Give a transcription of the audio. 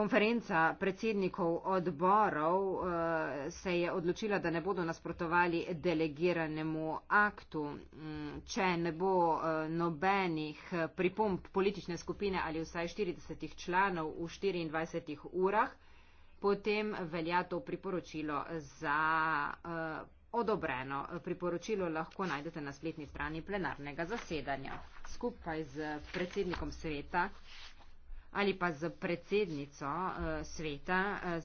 Konferenca predsednikov odborov eh, se je odločila, da ne bodo nasprotovali delegiranemu aktu, mm, če ne bo eh, nobenih eh, pripomb politične skupine ali vsaj 40 članov v 24 urah, potem velja to priporočilo za odobreno. Priporočilo lahko najdete na spletni strani plenarnega zasedanja skupaj z predsednikom sveta ali pa z predsednico eh, sveta. Eh,